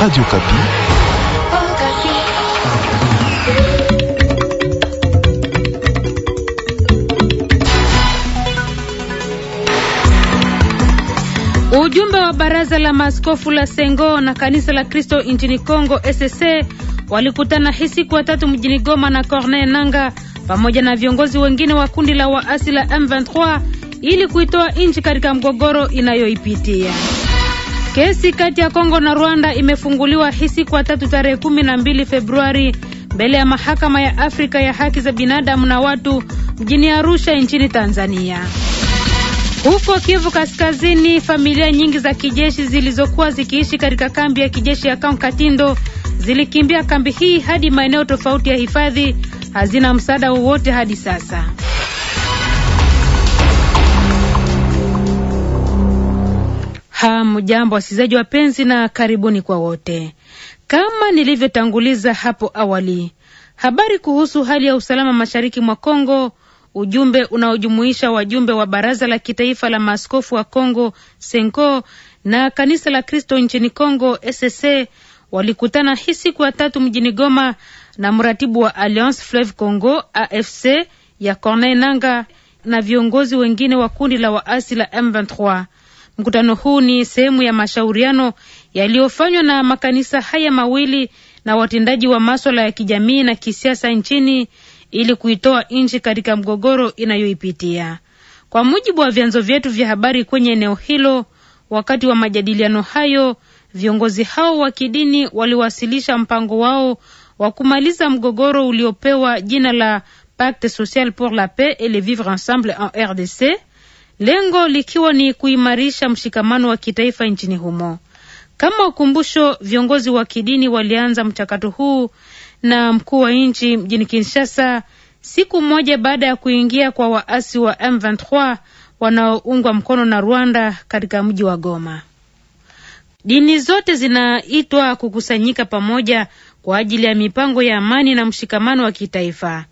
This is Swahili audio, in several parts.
Radio Kapi. Ujumbe wa baraza la maaskofu la Sengo na kanisa la Kristo nchini Kongo SSA e, walikutana hii siku ya tatu mjini Goma na Corneille Nanga pamoja na viongozi wengine wa kundi la waasi la M23 ili kuitoa nchi katika mgogoro inayoipitia. Kesi kati ya Kongo na Rwanda imefunguliwa hii siku ya tatu tarehe 12 Februari mbele ya mahakama ya Afrika ya haki za binadamu na watu mjini Arusha nchini Tanzania. Huko Kivu Kaskazini, familia nyingi za kijeshi zilizokuwa zikiishi katika kambi ya kijeshi ya Kankatindo zilikimbia kambi hii hadi maeneo tofauti ya hifadhi, hazina msaada wowote hadi sasa. Hamjambo wasikilizaji wapenzi, na karibuni kwa wote. Kama nilivyotanguliza hapo awali, habari kuhusu hali ya usalama mashariki mwa Kongo, ujumbe unaojumuisha wajumbe wa Baraza la Kitaifa la Maaskofu wa Kongo Senko na Kanisa la Kristo nchini Kongo SSA walikutana hii siku ya tatu mjini Goma na mratibu wa Alliance Fleuve Congo AFC ya Corneille Nanga na viongozi wengine wa kundi la waasi la M23. Mkutano huu ni sehemu ya mashauriano yaliyofanywa na makanisa haya mawili na watendaji wa maswala ya kijamii na kisiasa nchini ili kuitoa nchi katika mgogoro inayoipitia. Kwa mujibu wa vyanzo vyetu vya habari kwenye eneo hilo, wakati wa majadiliano hayo, viongozi hao wa kidini waliwasilisha mpango wao wa kumaliza mgogoro uliopewa jina la Pacte Social pour la Paix et le Vivre Ensemble en RDC lengo likiwa ni kuimarisha mshikamano wa kitaifa nchini humo. Kama ukumbusho, viongozi wa kidini walianza mchakato huu na mkuu wa nchi mjini Kinshasa siku moja baada ya kuingia kwa waasi wa M23 wanaoungwa mkono na Rwanda katika mji wa Goma. Dini zote zinaitwa kukusanyika pamoja kwa ajili ya mipango ya amani na mshikamano wa kitaifa.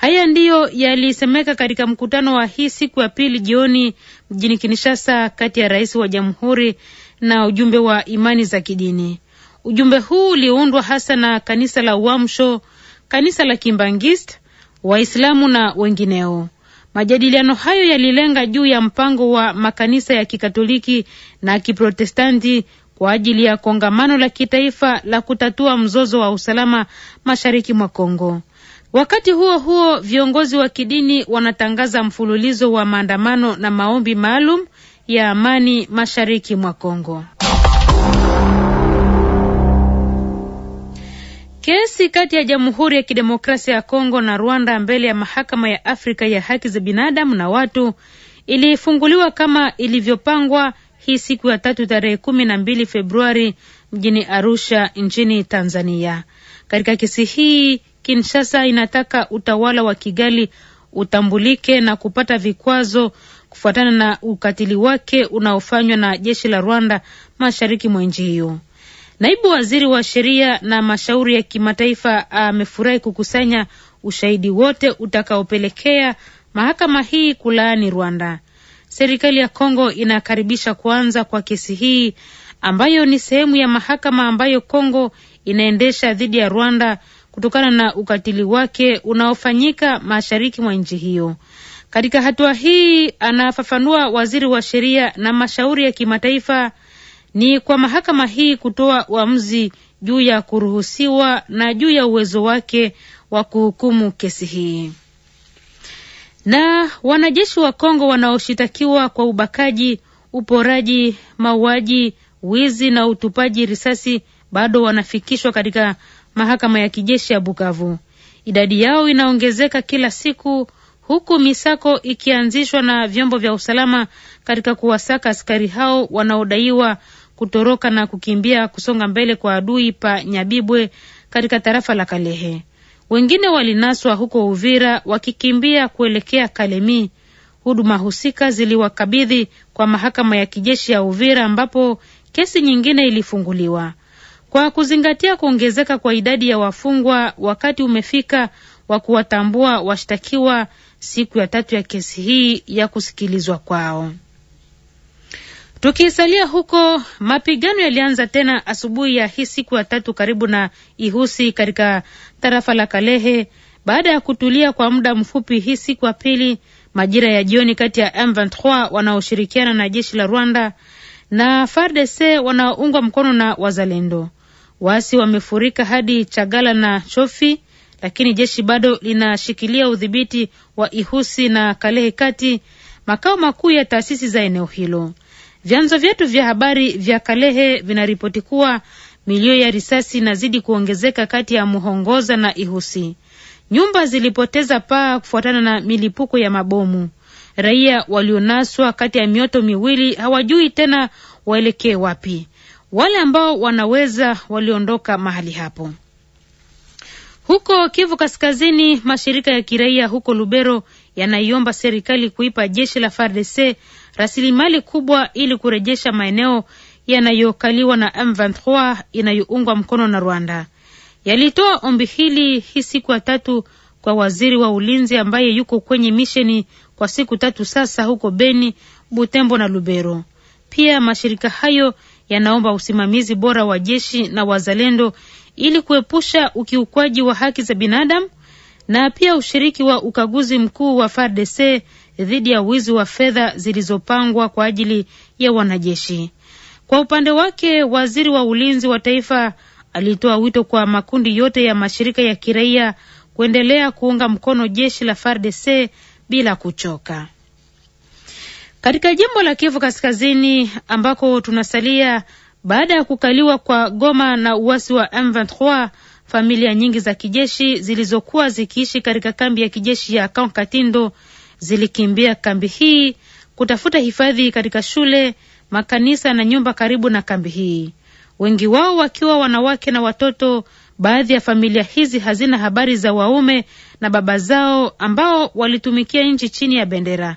Haya ndiyo yalisemeka katika mkutano wa hii siku ya pili jioni mjini Kinshasa kati ya rais wa jamhuri na ujumbe wa imani za kidini. Ujumbe huu uliundwa hasa na kanisa la Uamsho, kanisa la Kimbangist, Waislamu na wengineo. Majadiliano hayo yalilenga juu ya mpango wa makanisa ya Kikatoliki na Kiprotestanti kwa ajili ya kongamano la kitaifa la kutatua mzozo wa usalama mashariki mwa Kongo. Wakati huo huo, viongozi wa kidini wanatangaza mfululizo wa maandamano na maombi maalum ya amani mashariki mwa Kongo. Kesi kati ya Jamhuri ya Kidemokrasia ya Kongo na Rwanda mbele ya Mahakama ya Afrika ya Haki za Binadamu na Watu ilifunguliwa kama ilivyopangwa hii siku ya tatu tarehe kumi na mbili Februari mjini Arusha nchini Tanzania. Katika kesi hii Kinshasa inataka utawala wa Kigali utambulike na kupata vikwazo kufuatana na ukatili wake unaofanywa na jeshi la Rwanda mashariki mwa nchi hiyo. Naibu waziri wa sheria na mashauri ya kimataifa amefurahi kukusanya ushahidi wote utakaopelekea mahakama hii kulaani Rwanda. Serikali ya Kongo inakaribisha kuanza kwa kesi hii ambayo ni sehemu ya mahakama ambayo Kongo inaendesha dhidi ya Rwanda kutokana na ukatili wake unaofanyika mashariki mwa nchi hiyo. Katika hatua hii, anafafanua waziri wa sheria na mashauri ya kimataifa, ni kwa mahakama hii kutoa uamuzi juu ya kuruhusiwa na juu ya uwezo wake wa kuhukumu kesi hii. Na wanajeshi wa Kongo wanaoshitakiwa kwa ubakaji, uporaji, mauaji, wizi na utupaji risasi bado wanafikishwa katika mahakama ya kijeshi ya Bukavu. Idadi yao inaongezeka kila siku, huku misako ikianzishwa na vyombo vya usalama katika kuwasaka askari hao wanaodaiwa kutoroka na kukimbia kusonga mbele kwa adui pa Nyabibwe katika tarafa la Kalehe. Wengine walinaswa huko Uvira wakikimbia kuelekea Kalemi. Huduma husika ziliwakabidhi kwa mahakama ya kijeshi ya Uvira ambapo kesi nyingine ilifunguliwa. Kwa kuzingatia kuongezeka kwa idadi ya wafungwa, wakati umefika wa kuwatambua washtakiwa siku ya tatu ya kesi hii ya kusikilizwa kwao. Tukisalia huko, mapigano yalianza tena asubuhi ya hii siku ya tatu karibu na Ihusi katika tarafa la Kalehe baada ya kutulia kwa muda mfupi hii siku ya pili majira ya jioni kati ya M23 wanaoshirikiana na jeshi la Rwanda na FARDC wanaoungwa mkono na wazalendo. Waasi wamefurika hadi Chagala na Chofi, lakini jeshi bado linashikilia udhibiti wa Ihusi na Kalehe Kati, makao makuu ya taasisi za eneo hilo. Vyanzo vyetu vya habari vya Kalehe vinaripoti kuwa milio ya risasi inazidi kuongezeka kati ya Muhongoza na Ihusi. Nyumba zilipoteza paa kufuatana na milipuko ya mabomu. Raia walionaswa kati ya mioto miwili hawajui tena waelekee wapi. Wale ambao wanaweza waliondoka mahali hapo. Huko Kivu Kaskazini, mashirika ya kiraia huko Lubero yanaiomba serikali kuipa jeshi la FARDC rasilimali kubwa ili kurejesha maeneo yanayokaliwa na M23 inayoungwa mkono na Rwanda. Yalitoa ombi hili hii siku ya tatu kwa waziri wa ulinzi ambaye yuko kwenye misheni kwa siku tatu sasa huko Beni, Butembo na Lubero. Pia mashirika hayo yanaomba usimamizi bora wa jeshi na wazalendo ili kuepusha ukiukwaji wa haki za binadamu na pia ushiriki wa ukaguzi mkuu wa FARDC dhidi ya wizi wa fedha zilizopangwa kwa ajili ya wanajeshi. Kwa upande wake, waziri wa ulinzi wa taifa alitoa wito kwa makundi yote ya mashirika ya kiraia kuendelea kuunga mkono jeshi la FARDC bila kuchoka. Katika jimbo la Kivu Kaskazini ambako tunasalia baada ya kukaliwa kwa Goma na uasi wa M23, familia nyingi za kijeshi zilizokuwa zikiishi katika kambi ya kijeshi ya katindo zilikimbia kambi hii kutafuta hifadhi katika shule, makanisa na nyumba karibu na kambi hii, wengi wao wakiwa wanawake na watoto. Baadhi ya familia hizi hazina habari za waume na baba zao ambao walitumikia nchi chini ya bendera.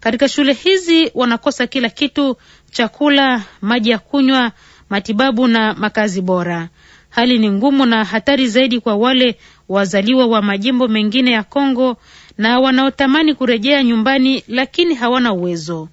Katika shule hizi wanakosa kila kitu: chakula, maji ya kunywa, matibabu na makazi bora. Hali ni ngumu na hatari zaidi kwa wale wazaliwa wa majimbo mengine ya Kongo na wanaotamani kurejea nyumbani lakini hawana uwezo.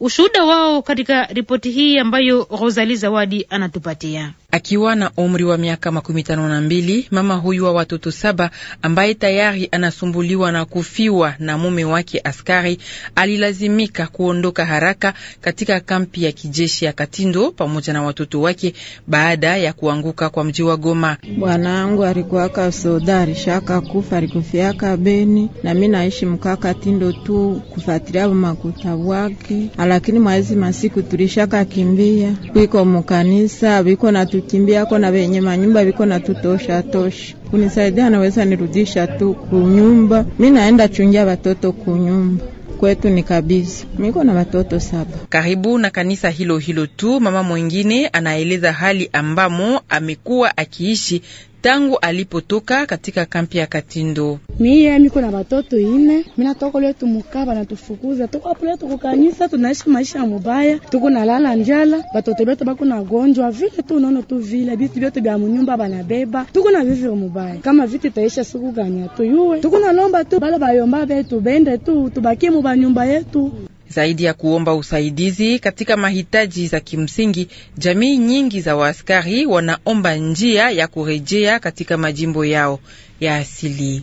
Ushuhuda wao katika ripoti hii ambayo Rosali Zawadi anatupatia. Akiwa na umri wa miaka makumi tano na mbili, mama huyu wa watoto saba ambaye tayari anasumbuliwa na kufiwa na mume wake askari alilazimika kuondoka haraka katika kampi ya kijeshi ya Katindo pamoja na watoto wake baada ya kuanguka kwa mji wa Goma. Bwanangu alikuwaka soda, alishaka kufa, alikufiaka Beni na mi naishi mkaa Katindo tu kufatilia makuta wake, lakini mwaezi masiku tulishaka kimbia kwiko mukanisa wiko na tu tukimbia na venye manyumba viko na tutosha toshi kunisaidia naweza nirudisha tu kunyumba. Mi naenda chungia watoto kunyumba kwetu ni kabisa, miko na watoto saba. Karibu na kanisa hilo hilo tu, mama mwingine anaeleza hali ambamo amekuwa akiishi tangu alipotoka katika kampi ya Katindo. Mie miko na batoto ine, minatoka leo tumuka banatufukuza, tuko pale tuko kanisa, tunaishi maisha mubaya, tuko nalala njala, batoto betu bako na gonjwa vile tu, unaona tu vile bitu betu bya munyumba banabeba, tuko na vivyo mubaya, kama viti taisha siku ganya tu tuko nalomba tu bala bayomba betu bende tu tubakie mubanyumba yetu zaidi ya kuomba usaidizi katika mahitaji za kimsingi. Jamii nyingi za waaskari wanaomba njia ya kurejea katika majimbo yao ya asili.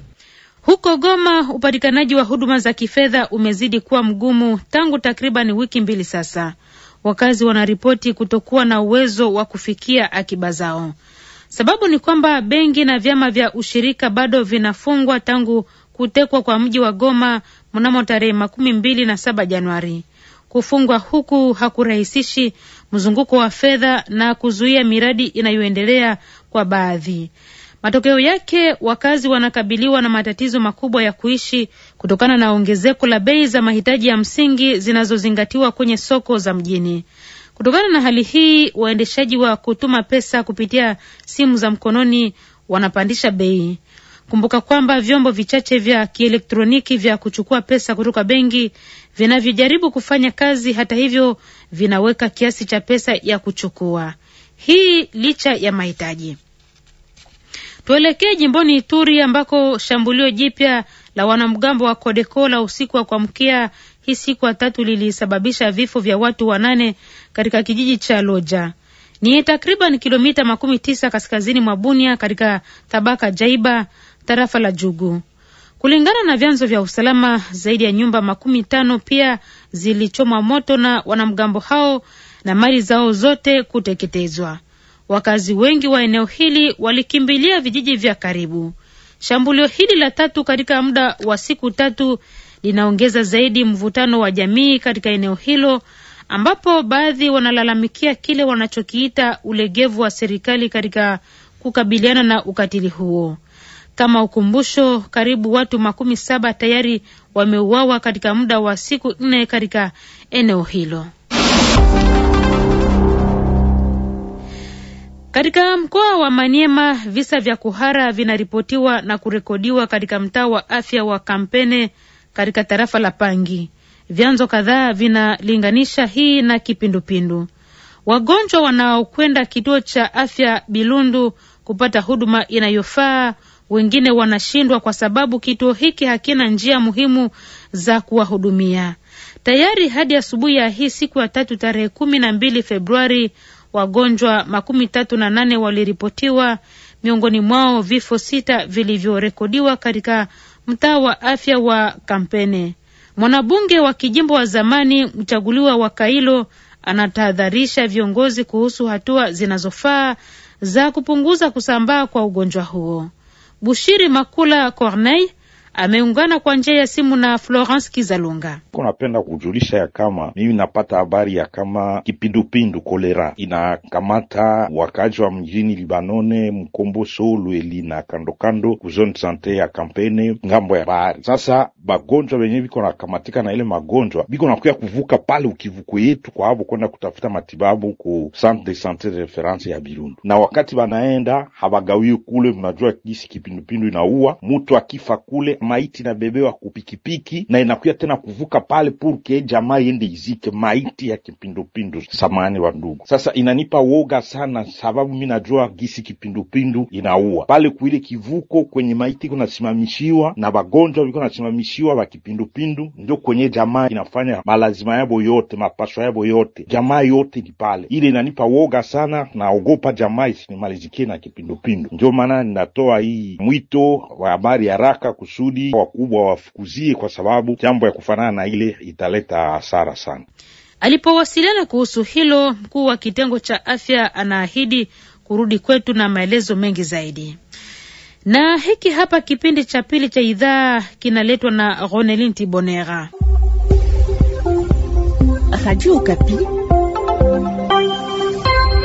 Huko Goma, upatikanaji wa huduma za kifedha umezidi kuwa mgumu tangu takriban wiki mbili sasa. Wakazi wanaripoti kutokuwa na uwezo wa kufikia akiba zao. Sababu ni kwamba benki na vyama vya ushirika bado vinafungwa tangu kutekwa kwa mji wa Goma mnamo tarehe makumi mbili na saba Januari. Kufungwa huku hakurahisishi mzunguko wa fedha na kuzuia miradi inayoendelea kwa baadhi. Matokeo yake wakazi wanakabiliwa na matatizo makubwa ya kuishi kutokana na ongezeko la bei za mahitaji ya msingi zinazozingatiwa kwenye soko za mjini. Kutokana na hali hii, waendeshaji wa kutuma pesa kupitia simu za mkononi wanapandisha bei. Kumbuka kwamba vyombo vichache vya kielektroniki vya kuchukua pesa kutoka benki vinavyojaribu kufanya kazi, hata hivyo, vinaweka kiasi cha pesa ya kuchukua, hii licha ya mahitaji. Tuelekee jimboni Ituri ambako shambulio jipya la wanamgambo wa Kodeko la usiku wa kuamkia hii siku ya tatu lilisababisha vifo vya watu wanane katika kijiji cha Loja ni takriban kilomita makumi tisa kaskazini mwa Bunia katika tabaka Jaiba tarafa la Jugu. Kulingana na vyanzo vya usalama, zaidi ya nyumba makumi tano pia zilichomwa moto na wanamgambo hao na mali zao zote kuteketezwa. Wakazi wengi wa eneo hili walikimbilia vijiji vya karibu. Shambulio hili la tatu katika muda wa siku tatu linaongeza zaidi mvutano wa jamii katika eneo hilo ambapo baadhi wanalalamikia kile wanachokiita ulegevu wa serikali katika kukabiliana na ukatili huo. Kama ukumbusho, karibu watu makumi saba tayari wameuawa katika muda wa siku nne katika eneo hilo. Katika mkoa wa Maniema visa vya kuhara vinaripotiwa na kurekodiwa katika mtaa wa afya wa Kampene katika tarafa la Pangi. Vyanzo kadhaa vinalinganisha hii na kipindupindu. Wagonjwa wanaokwenda kituo cha afya Bilundu kupata huduma inayofaa wengine wanashindwa kwa sababu kituo hiki hakina njia muhimu za kuwahudumia. Tayari hadi asubuhi ya hii siku ya tatu tarehe kumi na mbili Februari, wagonjwa makumi tatu na nane waliripotiwa, miongoni mwao vifo sita vilivyorekodiwa katika mtaa wa afya wa Kampene. Mwanabunge wa kijimbo wa zamani mchaguliwa wa Kailo anatahadharisha viongozi kuhusu hatua zinazofaa za kupunguza kusambaa kwa ugonjwa huo. Bushiri Makula Corneille ameungana kwa njia ya simu na Florence Kizalunga. Napenda kujulisha ya kama mimi napata habari ya kama kipindupindu kolera inakamata wakaji wa mjini Libanone, Mkomboso, Lweli na kandokando kuzone sante ya kampene ngambo ya bahari. Sasa bagonjwa wenyewe viko nakamatika na ile magonjwa biko nakuya kuvuka pale ukivuko yetu kwa avo kwenda kutafuta matibabu ku centre de sante de reference ya Birundu, na wakati banaenda habagawie kule. Mnajua kisi kipindupindu inaua mutu akifa kule maiti inabebewa kupikipiki na inakuya tena kuvuka pale purke jamaa iende izike maiti ya kipindupindu. Samani wa ndugu, sasa inanipa woga sana, sababu mi najua gisi kipindupindu inaua pale kuile kivuko kwenye maiti kunasimamishiwa na wagonjwa viko nasimamishiwa wa kipindupindu, ndio kwenye jamaa inafanya malazima yabo yote mapaswa yabo yote, jamaa yote ni pale. Ile inanipa woga sana, naogopa jamaa isinimalizikie na kipindupindu. Ndio maana ninatoa hii mwito wa habari haraka kusudi inabidi wakubwa wafukuzie, kwa sababu jambo ya kufanana na ile italeta hasara sana. Alipowasiliana kuhusu hilo, mkuu wa kitengo cha afya anaahidi kurudi kwetu na maelezo mengi zaidi. Na hiki hapa kipindi cha pili cha idhaa kinaletwa na Ronelin Tibonera, Radio Okapi,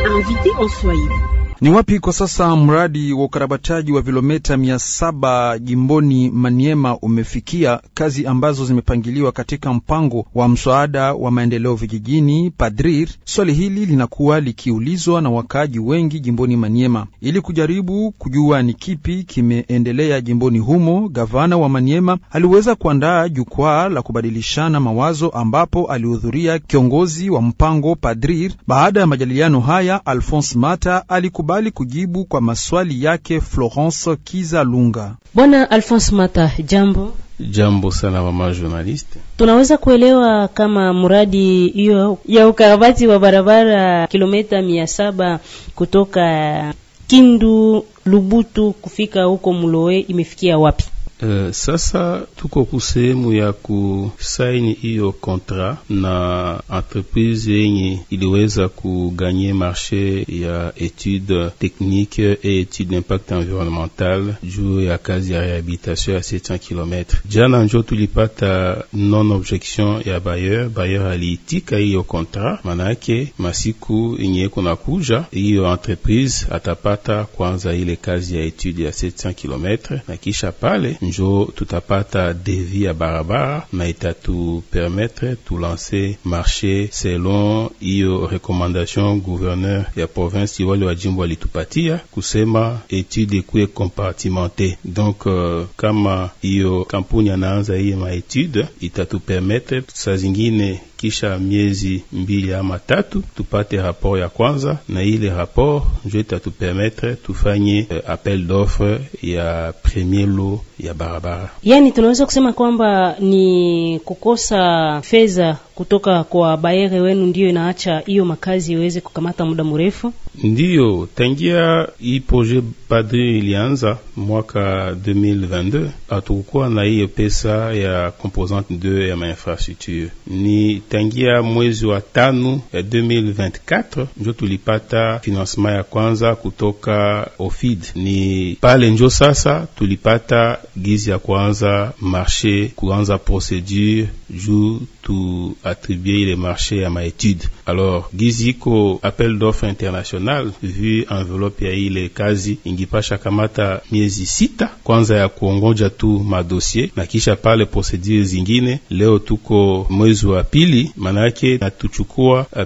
invité en Swahili. Ni wapi kwa sasa mradi wa ukarabataji wa vilometa mia saba jimboni Maniema umefikia kazi ambazo zimepangiliwa katika mpango wa msaada wa maendeleo vijijini PADRIR? Swali hili linakuwa likiulizwa na wakaaji wengi jimboni Maniema ili kujaribu kujua ni kipi kimeendelea jimboni humo. Gavana wa Maniema aliweza kuandaa jukwaa la kubadilishana mawazo ambapo alihudhuria kiongozi wa mpango PADRIR. Baada ya majadiliano haya, Alphonse Mata alikubali kukubali kujibu kwa maswali yake Florence Kizalunga. Bwana Alphonse Mata, jambo. Jambo sana mama journaliste. Tunaweza kuelewa kama mradi hiyo ya ukarabati wa barabara kilomita mia saba kutoka Kindu Lubutu kufika huko Mloe imefikia wapi? Eh, sasa tuko kusehemu ya kusaini hiyo kontra na entreprise yenye iliweza kuganye marshe ya etude technique et etude d'impact environnemental juu ya kazi ya rehabilitation ya 700 km. Jana njo tulipata non objection ya bayer. Bayer aliitika hiyo kontra, manake masiku yenye kuna kuja hiyo entreprise atapata kwanza ile kazi ya etude ya 700 km na kisha pale njo tutapata devi ya barabara na itatupermetre tulanse marcher selon hiyo Recommandation gouverneur ya Province wale wa jimbo alitupatia hein, kusema etude Kwe kompartimente. Donc uh, kama hiyo kampuni anaanza hiye maetude permettre, sa zingine kisha miezi mbili ama tatu tupate rapport ya kwanza, na ile rapport njo itatupermetre tufanye uh, appel d'offre ya premier lot ya barabara. Yani tunaweza kusema kwamba ni kukosa fedha kutoka kwa bayere wenu ndiyo inaacha hiyo makazi iweze kukamata muda mrefu. Ndiyo tangia hii projet padri ilianza mwaka 2022 hatukukuwa na hiyo pesa ya composante 2 ya mainfrastructure ni tangia mwezi wa tano ya eh, 2024 njo tulipata finansema ya kwanza kutoka OFID. Ni pale njo sasa tulipata gizi ya kuanza marshe, kuanza procedure ju tu attribuer les marchés à ma étude. Alors, giziko appel d'offres international vu envelope ya ile kazi ingipasha kamata miezi sita kwanza ya kuongoja tu madossier na kisha pale procedure zingine. Leo tuko mwezi wa pili, manake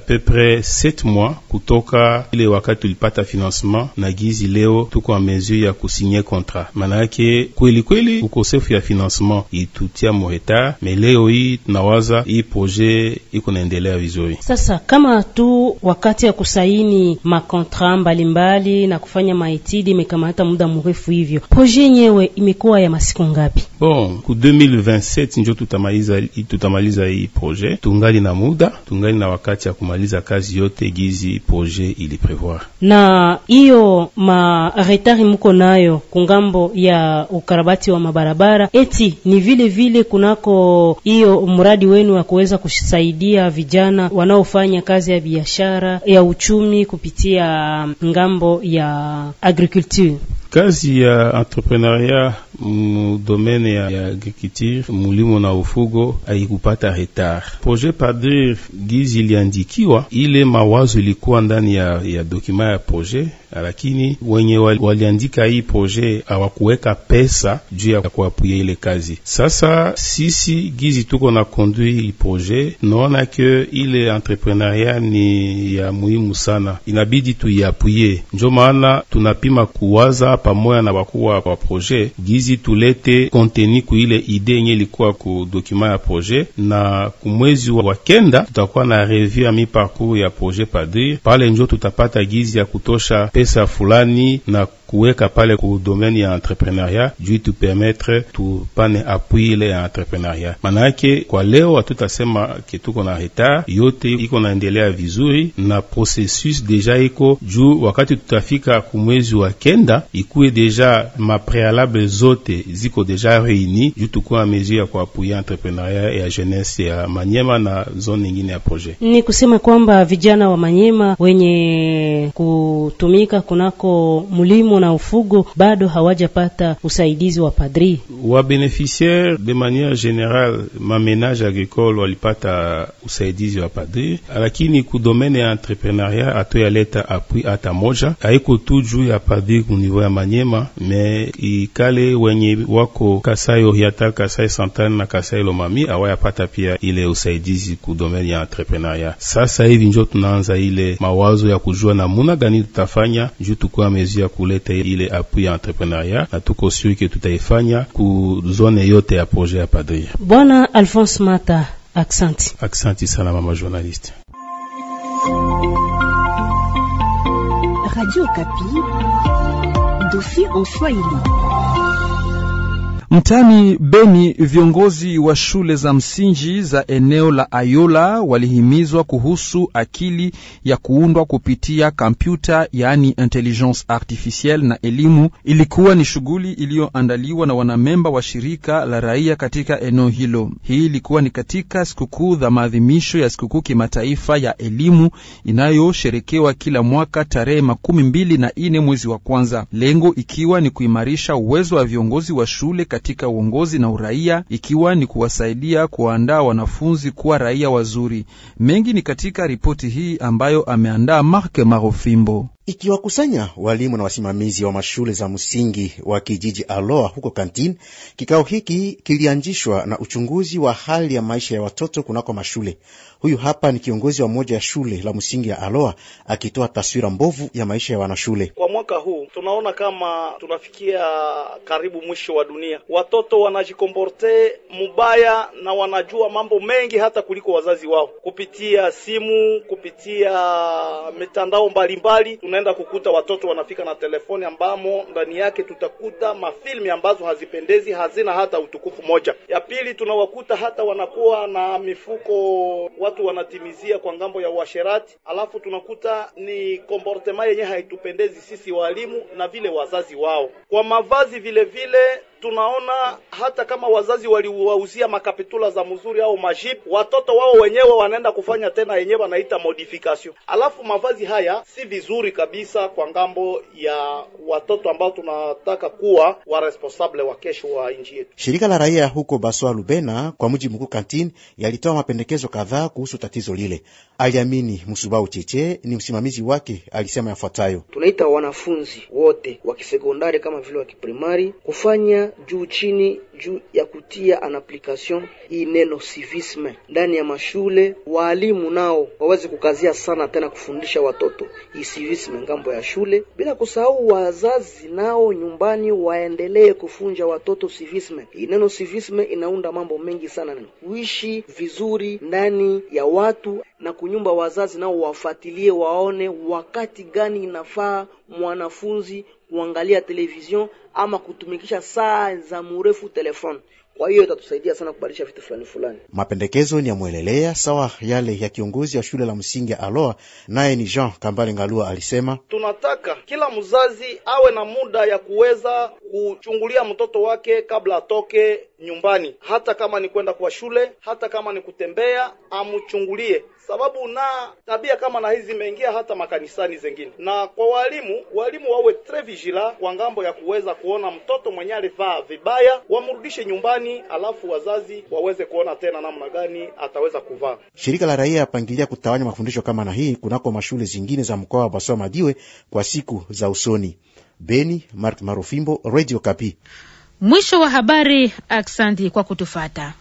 peu près 7 mois kutoka ile wakati tulipata financement na gizi leo tuko en mesure ya kusinye contrat, manake kweli kweli ukosefu ya financement itutia mo retard, leo hii hii tunawaza hii proje iko naendelea vizuri. Sasa kama tu wakati ya kusaini makontra mbalimbali na kufanya maitidi imekamata muda mrefu, hivyo proje yenyewe imekuwa ya masiku ngapi? Bon, ku 2027 njo tutamaliza, tutamaliza hii proje. Tungali na muda, tungali na wakati ya kumaliza kazi yote gizi proje ili prevoir Na hiyo maretari mko nayo kungambo ya ukarabati wa mabarabara, eti ni vile vile kunako hiyo mradi wenu wa kuweza kusaidia vijana wanaofanya kazi ya biashara ya uchumi kupitia um, ngambo ya agriculture. Kazi ya entrepreneuria mudomene ya, ya agriculture mulimo na ufugo haikupata retard. Projet Padre gizi iliandikiwa, ile mawazo ilikuwa ndani ya, ya dokima ya projet, lakini wenye waliandika hii projet hawakuweka pesa juu ya kuapuya ile kazi. Sasa sisi gizi tuko na conduit hii projet, naona ke ile entrepreneuria ni ya muhimu sana, inabidi tuiapuye, njo maana tunapima kuwaza pamoja na wakuu wa projet gizi hizi tulete konteni kuile ide yenye ilikuwa ku dokima ya projet, na kumwezi wa kenda tutakuwa na revue ya mi ya projet padir Pale njo tutapata gizi ya kutosha pesa fulani na kuweka pale ku domaine ya entrepreneuria juu tupermettre tupane apui ile ya entrepreneuria. Manake kwa leo hatutasema ke na retard, yote iko naendelea vizuri na processus deja iko juu. Wakati tutafika kumwezi wa kenda, ikuwe deja maprealable zote ziko deja reuni juu tukuwa na mesure ya kuapuya entrepreneuria ya jeunesse ya Manyema na zone nyingine ya projet. Ni kusema kwamba vijana wa Manyema wenye kutumika kunako mlimo kilimo na ufugo bado hawajapata usaidizi wa padri. Wa beneficiaire de maniere generale, mamenage agricole walipata usaidizi wa padri, lakini ku domaine ya entrepreneuria atoyaleta apui hata moja, haiko tu juu ya padri ku niveau ya Manyema me ikale wenye wako Kasai Oriental, Kasai santane na Kasai Lomami awayapata pia ile usaidizi ku domaine ya entrepreneuria. Sasa hivi njo tunaanza ile mawazo ya kujua namuna gani tutafanya juu tukua mezi ya kuleta kuleta ile appui ya entrepreneuria, na tuko tout ke tutaifanya ku zone yote ya projet ya padri. Bwana Alphonse Mata, aksanti. Aksanti sana mama journaliste. Radio Kapi, dossier en Swahili. mtani Beni, viongozi wa shule za msingi za eneo la Ayola walihimizwa kuhusu akili ya kuundwa kupitia kompyuta, yaani intelligence artificielle na elimu. Ilikuwa ni shughuli iliyoandaliwa na wanamemba wa shirika la raia katika eneo hilo. Hii ilikuwa ni katika sikukuu za maadhimisho ya sikukuu kimataifa ya elimu inayosherekewa kila mwaka tarehe makumi mbili na ine mwezi wa kwanza, lengo ikiwa ni kuimarisha uwezo wa viongozi wa shule katika uongozi na uraia, ikiwa ni kuwasaidia kuwaandaa wanafunzi kuwa raia wazuri. Mengi ni katika ripoti hii ambayo ameandaa Mark Marofimbo ikiwakusanya walimu na wasimamizi wa mashule za msingi wa kijiji Aloa huko kantin Kikao hiki kilianzishwa na uchunguzi wa hali ya maisha ya watoto kunako mashule. Huyu hapa ni kiongozi wa moja ya shule la msingi ya Aloa akitoa taswira mbovu ya maisha ya wanashule kwa mwaka huu. Tunaona kama tunafikia karibu mwisho wa dunia. Watoto wanajikomporte mubaya na wanajua mambo mengi hata kuliko wazazi wao, kupitia simu, kupitia mitandao mbalimbali mbali tunaenda kukuta watoto wanafika na telefoni ambamo ndani yake tutakuta mafilmi ambazo hazipendezi, hazina hata utukufu moja. Ya pili, tunawakuta hata wanakuwa na mifuko, watu wanatimizia kwa ngambo ya uasherati, alafu tunakuta ni komportema yenye haitupendezi sisi walimu na vile wazazi wao. Kwa mavazi vile vile tunaona hata kama wazazi waliwauzia makapitula za mzuri au majip, watoto wao wenyewe wanaenda kufanya tena yenyewe wanaita modification. Alafu mavazi haya si vizuri kabisa kwa ngambo ya watoto ambao tunataka kuwa wa responsable wa kesho wa nchi yetu. Shirika la raia huko baswa Lubena, kwa mji mkuu Kantini, yalitoa mapendekezo kadhaa kuhusu tatizo lile. Aliamini Musubau Cheche ni msimamizi wake, alisema yafuatayo: tunaita wanafunzi wote wa kisegondari kama vile wa kiprimari kufanya juu chini juu ya kutia an application hii neno civisme ndani ya mashule. Waalimu nao waweze kukazia sana tena kufundisha watoto hii civisme ngambo ya shule, bila kusahau wazazi nao nyumbani waendelee kufunja watoto civisme. Hii neno civisme inaunda mambo mengi sana, kuishi vizuri ndani ya watu na kunyumba. Wazazi nao wafuatilie waone wakati gani inafaa mwanafunzi kuangalia television ama kutumikisha saa za murefu telefoni. Kwa hiyo itatusaidia sana kubadilisha vitu fulani fulani. Mapendekezo ni yamwelelea sawa yale ya kiongozi wa shule la msingi ya Aloa, naye ni Jean Kambale Ngalua alisema, tunataka kila mzazi awe na muda ya kuweza kuchungulia mtoto wake kabla atoke nyumbani, hata kama ni kwenda kwa shule, hata kama ni kutembea, amchungulie, sababu na tabia kama na hizi zimeingia hata makanisani zengine. Na kwa walimu, walimu wawe tre vigila kwa ngambo ya kuweza kuona mtoto mwenye alivaa vibaya, wamrudishe nyumbani, alafu wazazi waweze kuona tena namna gani ataweza kuvaa. Shirika la raia yapangilia kutawanya mafundisho kama na hii kunako mashule zingine za mkoa wa Basoa Madiwe kwa siku za usoni. Beni, Mark Marofimbo, Radio Kapi. Mwisho wa habari. Aksanti kwa kutufata.